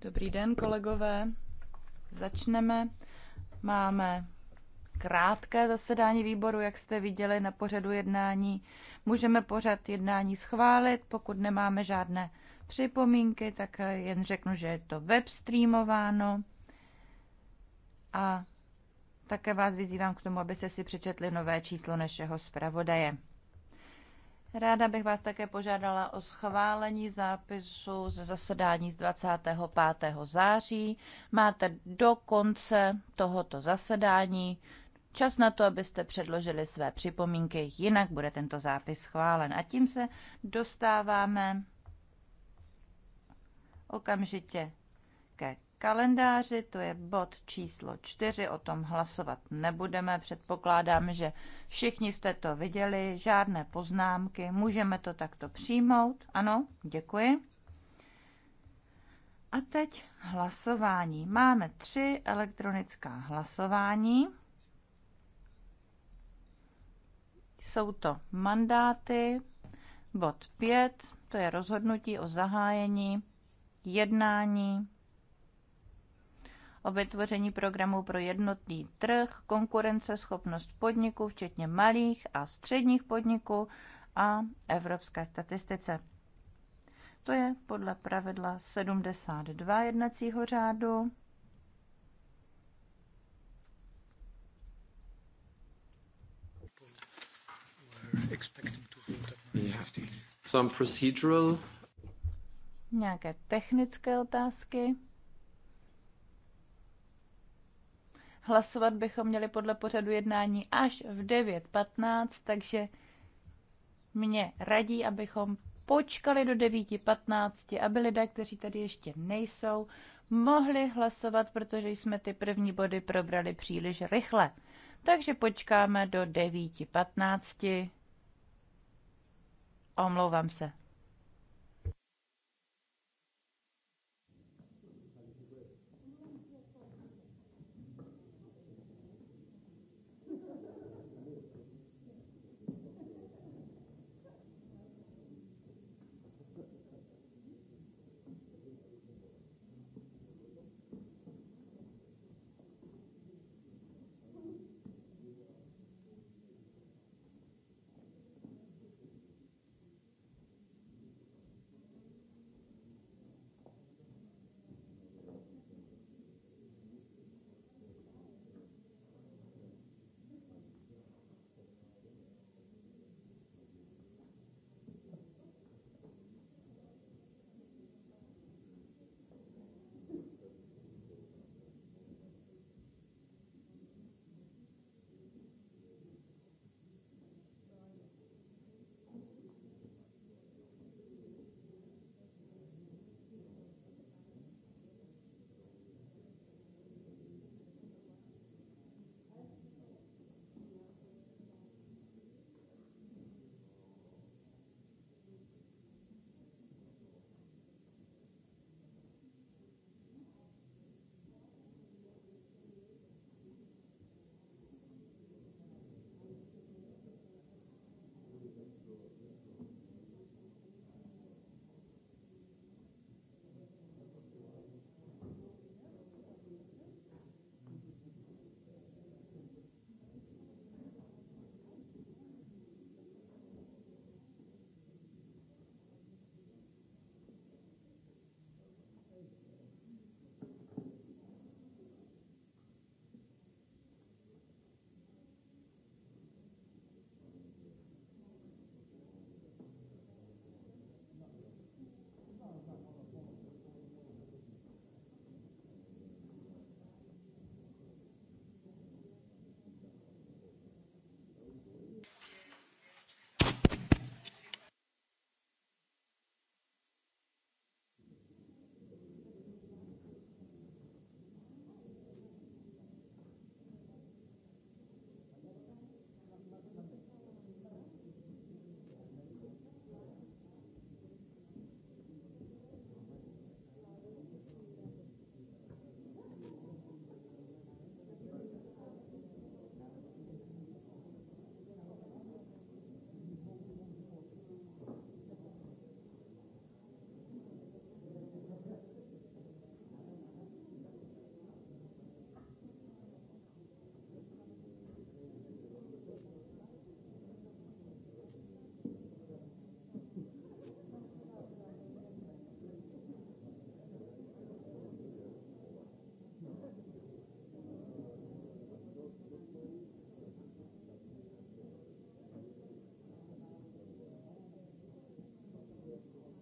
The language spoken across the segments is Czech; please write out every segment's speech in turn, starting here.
Dobrý den, kolegové. Začneme. Máme krátké zasedání výboru, jak jste viděli na pořadu jednání. Můžeme pořad jednání schválit, pokud nemáme žádné připomínky, tak jen řeknu, že je to webstreamováno. A také vás vyzývám k tomu, abyste si přečetli nové číslo našeho zpravodaje. Ráda bych vás také požádala o schválení zápisu ze zasedání z 25. září. Máte do konce tohoto zasedání čas na to, abyste předložili své připomínky, jinak bude tento zápis schválen. A tím se dostáváme okamžitě ke kalendáři, to je bod číslo čtyři o tom hlasovat nebudeme. Předpokládám, že všichni jste to viděli, žádné poznámky, můžeme to takto přijmout. Ano, děkuji. A teď hlasování. Máme tři elektronická hlasování. Jsou to mandáty, bod 5, to je rozhodnutí o zahájení jednání o vytvoření programu pro jednotný trh, konkurenceschopnost podniků, včetně malých a středních podniků a evropské statistice. To je podle pravidla 72 jednacího řádu. Some procedural. Nějaké technické otázky. Hlasovat bychom měli podle pořadu jednání až v 9.15, takže mě radí, abychom počkali do 9.15, aby lidé, kteří tady ještě nejsou, mohli hlasovat, protože jsme ty první body probrali příliš rychle. Takže počkáme do 9.15. Omlouvám se.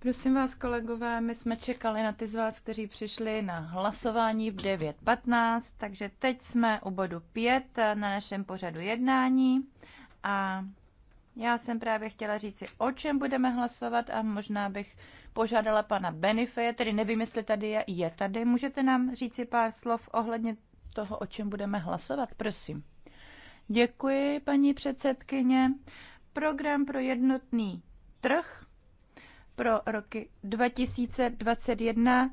Prosím vás, kolegové, my jsme čekali na ty z vás, kteří přišli na hlasování v 9.15, takže teď jsme u bodu 5 na našem pořadu jednání a já jsem právě chtěla říci, o čem budeme hlasovat a možná bych požádala pana Benifeje, tedy nevím, jestli tady je, je tady. Můžete nám říci pár slov ohledně toho, o čem budeme hlasovat, prosím. Děkuji, paní předsedkyně. Program pro jednotný trh pro roky 2021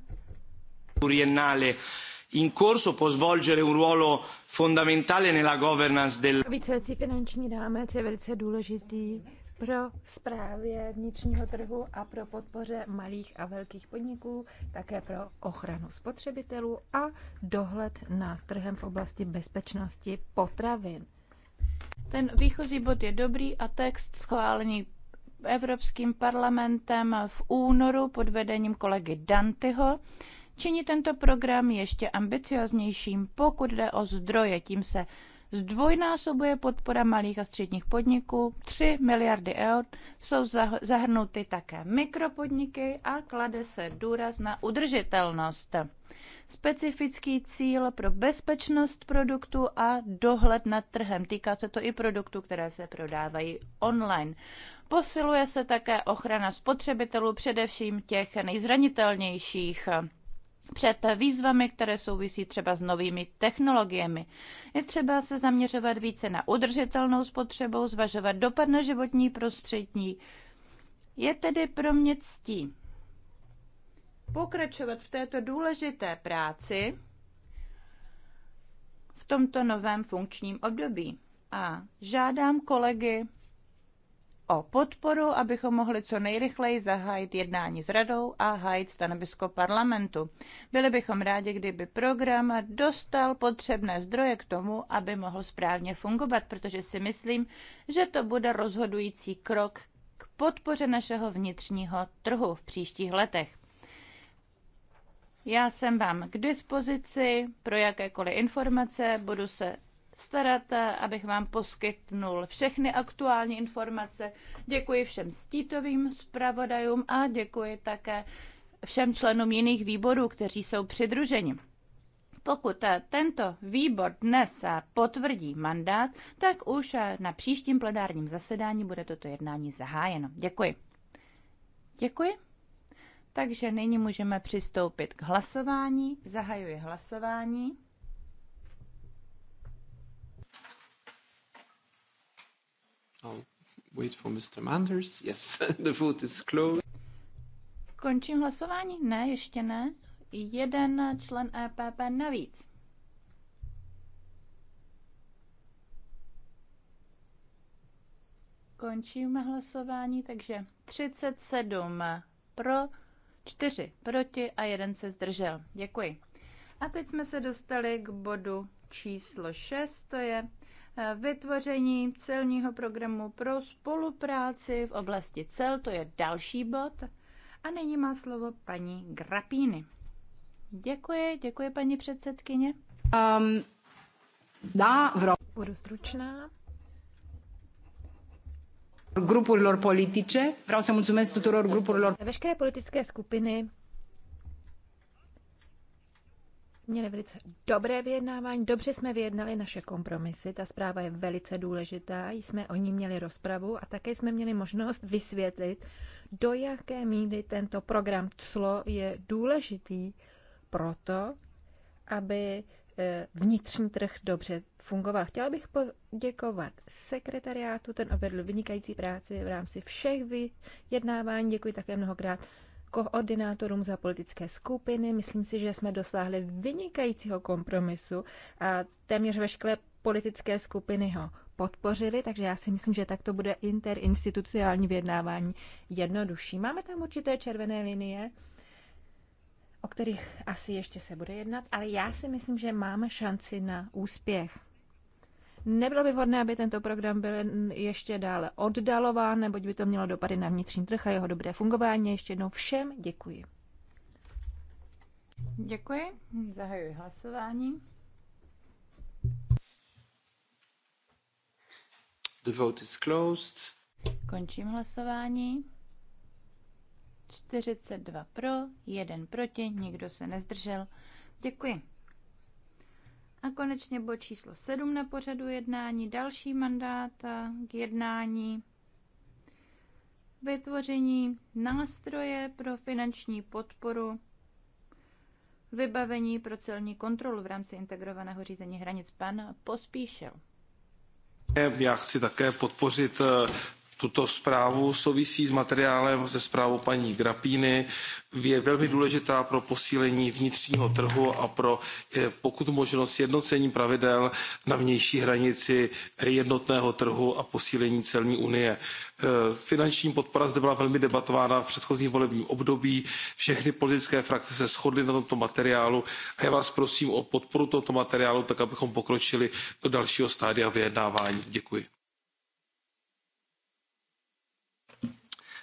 in corso può svolgere un ruolo fondamentale nella governance del Víceletý finanční rámec je velice důležitý pro správě vnitřního trhu a pro podpoře malých a velkých podniků, také pro ochranu spotřebitelů a dohled na trhem v oblasti bezpečnosti potravin. Ten výchozí bod je dobrý a text schválený Evropským parlamentem v únoru pod vedením kolegy Dantyho činí tento program ještě ambicioznějším, pokud jde o zdroje. Tím se zdvojnásobuje podpora malých a středních podniků, 3 miliardy eur jsou zahrnuty také mikropodniky a klade se důraz na udržitelnost. Specifický cíl pro bezpečnost produktu a dohled nad trhem. Týká se to i produktů, které se prodávají online. Posiluje se také ochrana spotřebitelů, především těch nejzranitelnějších před výzvami, které souvisí třeba s novými technologiemi. Je třeba se zaměřovat více na udržitelnou spotřebu, zvažovat dopad na životní prostředí. Je tedy pro mě ctí pokračovat v této důležité práci v tomto novém funkčním období. A žádám kolegy o podporu, abychom mohli co nejrychleji zahájit jednání s radou a hájit stanovisko parlamentu. Byli bychom rádi, kdyby program dostal potřebné zdroje k tomu, aby mohl správně fungovat, protože si myslím, že to bude rozhodující krok k podpoře našeho vnitřního trhu v příštích letech. Já jsem vám k dispozici pro jakékoliv informace, budu se starat, abych vám poskytnul všechny aktuální informace. Děkuji všem stítovým zpravodajům a děkuji také všem členům jiných výborů, kteří jsou přidruženi. Pokud tento výbor dnes potvrdí mandát, tak už na příštím plenárním zasedání bude toto jednání zahájeno. Děkuji. Děkuji. Takže nyní můžeme přistoupit k hlasování. Zahajuji hlasování. I'll wait for Mr. Manders. Yes, the vote is closed. Končím hlasování? Ne, ještě ne. Jeden člen EPP navíc. Končíme hlasování, takže 37 pro, 4 proti a jeden se zdržel. Děkuji. A teď jsme se dostali k bodu číslo 6, to je vytvoření celního programu pro spolupráci v oblasti cel, to je další bod. A nyní má slovo paní Grapíny. Děkuji, děkuji paní předsedkyně. Um, dá, ro- Budu stručná. Grupurilor politice. Vreau să mulțumesc tuturor grupurilor. Veškeré politické skupiny měli velice dobré vyjednávání, dobře jsme vyjednali naše kompromisy, ta zpráva je velice důležitá, jsme o ní měli rozpravu a také jsme měli možnost vysvětlit, do jaké míry tento program CLO je důležitý proto, aby eh, vnitřní trh dobře fungoval. Chtěla bych poděkovat sekretariátu, ten obedl vynikající práci v rámci všech vyjednávání. Děkuji také mnohokrát koordinátorům za politické skupiny. Myslím si, že jsme dosáhli vynikajícího kompromisu a téměř veškeré politické skupiny ho podpořili, takže já si myslím, že tak to bude interinstitucionální vyjednávání jednodušší. Máme tam určité červené linie, o kterých asi ještě se bude jednat, ale já si myslím, že máme šanci na úspěch. Nebylo by vhodné, aby tento program byl ještě dále oddalován, neboť by to mělo dopady na vnitřní trh a jeho dobré fungování. Ještě jednou všem děkuji. Děkuji. Zahajuji hlasování. The vote is closed. Končím hlasování. 42 pro, 1 proti, nikdo se nezdržel. Děkuji. A konečně bod číslo 7 na pořadu jednání, další mandát k jednání vytvoření nástroje pro finanční podporu vybavení pro celní kontrolu v rámci integrovaného řízení hranic. Pan Pospíšil. Já chci také podpořit eh, tuto zprávu souvisí s materiálem se zprávou paní grapini je velmi důležitá pro posílení vnitřního trhu a pro eh, pokud možno sjednocení pravidel na vnější hranici jednotného trhu a posílení celní unie. Eh, finanční podpora zde byla velmi debatována v předchozím volebním období všechny politické frakce se shodly na tomto materiálu a já vás prosím o podporu tohoto materiálu tak abychom pokročili do dalšího stadia vyjednávání. děkuji.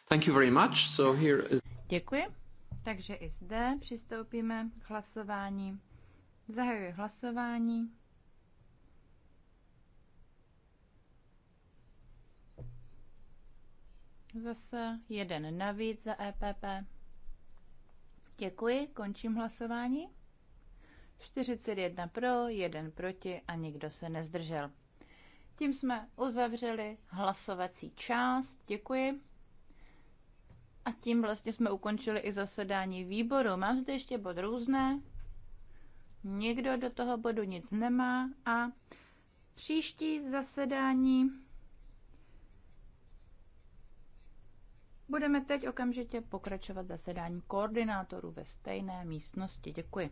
Thank you very much. So here is... Děkuji. Takže i zde přistoupíme k hlasování. Zahajuji hlasování. Zase jeden navíc za EPP. Děkuji, končím hlasování. 41 pro, 1 proti a nikdo se nezdržel. Tím jsme uzavřeli hlasovací část. Děkuji. A tím vlastně jsme ukončili i zasedání výboru. Mám zde ještě bod různé. Nikdo do toho bodu nic nemá a příští zasedání budeme teď okamžitě pokračovat zasedání koordinátorů ve stejné místnosti. Děkuji.